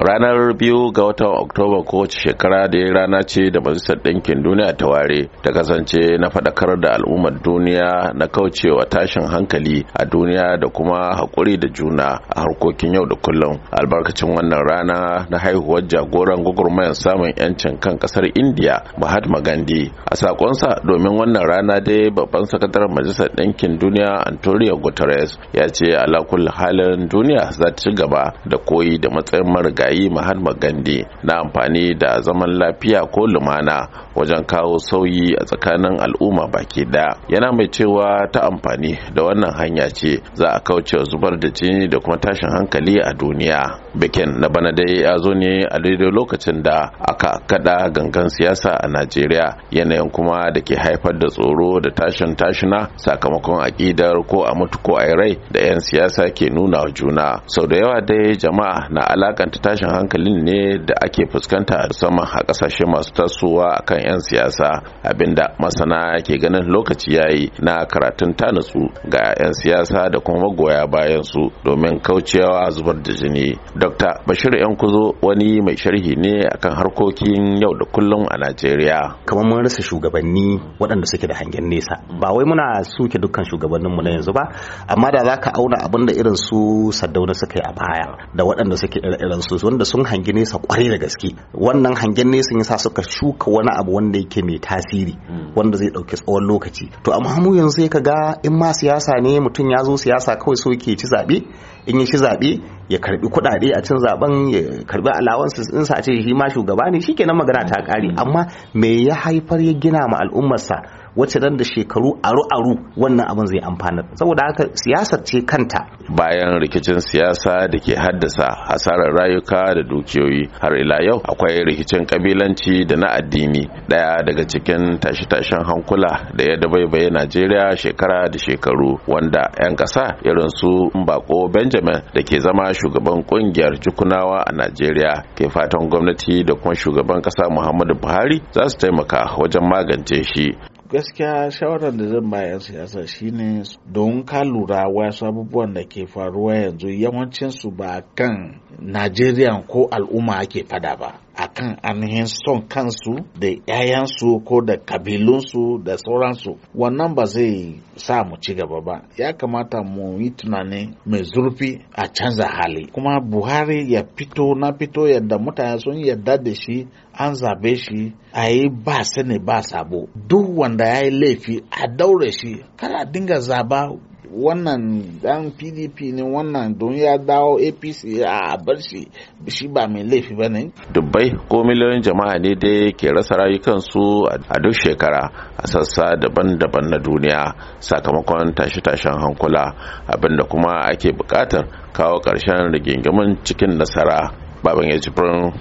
ranar biyu ga watan oktoba kowace shekara da ya rana ce da majalisar ɗinkin duniya ta ware ta kasance na faɗakar da al'ummar duniya na kaucewa tashin hankali a duniya da kuma haƙuri da juna a harkokin yau da kullum albarkacin wannan rana na haihuwar jagoran gwagwarmayar samun yancin kan ƙasar indiya mahatma gandhi a sakonsa domin wannan rana dai babban sakataren majalisar ɗinkin duniya antonio guterres ya ce al'akun halin duniya za ta ci gaba da koyi da matsayin marigayi ayi mahatma gandhi na amfani da zaman lafiya ko lumana wajen kawo sauyi a tsakanin al'umma baki daya yana mai cewa ta amfani da wannan hanya ce za a kauce zubar da jini da kuma tashin hankali a duniya bikin na bana dai ya zo ne a daidai lokacin da aka kada gangan siyasa a najeriya yanayin kuma da ke haifar da tsoro da tashin tashina sakamakon aƙidar ko a mutu ko a rai da 'yan siyasa ke nuna wa juna sau da yawa dai jama'a na alakanta tashin hankalin ne da ake fuskanta musamman a kasashe masu tasowa akan 'yan siyasa abinda masana ke ganin lokaci yayi na karatun nutsu ga 'yan siyasa da kuma magoya bayan su domin kaucewa zubar da jini dr bashir yan kuzo wani mai sharhi ne akan harkokin yau da kullum a najeriya kamar mun rasa shugabanni waɗanda suke da hangen nesa ba wai muna suke dukkan mu na yanzu ba amma da za ka auna abin da irin su saddauna suka yi a baya da waɗanda suke irin su yanzu wanda sun hangi nesa kwarai da gaske wannan hangen nesa yasa suka shuka wani abu wanda yake mai tasiri hmm. wanda zai dauki tsawon lokaci to amma mu yanzu sai ka ga in ma siyasa ne mutum ya zo siyasa kawai so yake ci zabe in yi shi zaɓe ya karbi kuɗaɗe a cin zaben ya karbi alawansu in sa ce shi ma shugaba ne shi kenan magana ta ƙare mm. amma me ya haifar ya gina ma al'ummarsa wacce dan da shekaru aru-aru wannan abin zai amfana? saboda haka siyasar ce kanta bayan rikicin siyasa da ke haddasa hasarar rayuka da dukiyoyi har ila yau akwai rikicin kabilanci da na addini daya daga cikin tashe-tashen hankula da ya dabaibaye najeriya shekara da shekaru wanda 'yan ƙasa irin su bako benjamin da ke zama shugaban kungiyar jukunawa a najeriya ke fatan gwamnati da kuma shugaban kasa muhammadu buhari za su taimaka wajen magance shi gaskiya shawarar da zan bayan siyasa shine don ka lura wasu abubuwan da ke faruwa yanzu yawancinsu ba kan najeriya ko al'umma ake fada ba a akan ainihin son kansu da 'ya'yansu ko da kabilunsu da sauransu wannan ba zai sa mu ci gaba ba ya kamata mu yi tunani mai zurfi a canza hali kuma buhari ya fito na fito yadda mutane sun yarda da shi an zabe shi a yi ba sani ba sabo duk wanda ya yi laifi a daure shi kada dinga zaba wannan dan pdp ne wannan don ya dawo apc a bar shi shi ba mai laifi ba ne dubbai ko miliyoyin jama'a ne dai ke rasa rayukansu a duk shekara a sassa daban-daban na duniya sakamakon tashe-tashen hankula abinda kuma ake bukatar kawo ƙarshen rigingimin cikin nasara baban ya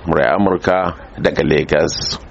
murai amurka daga lagos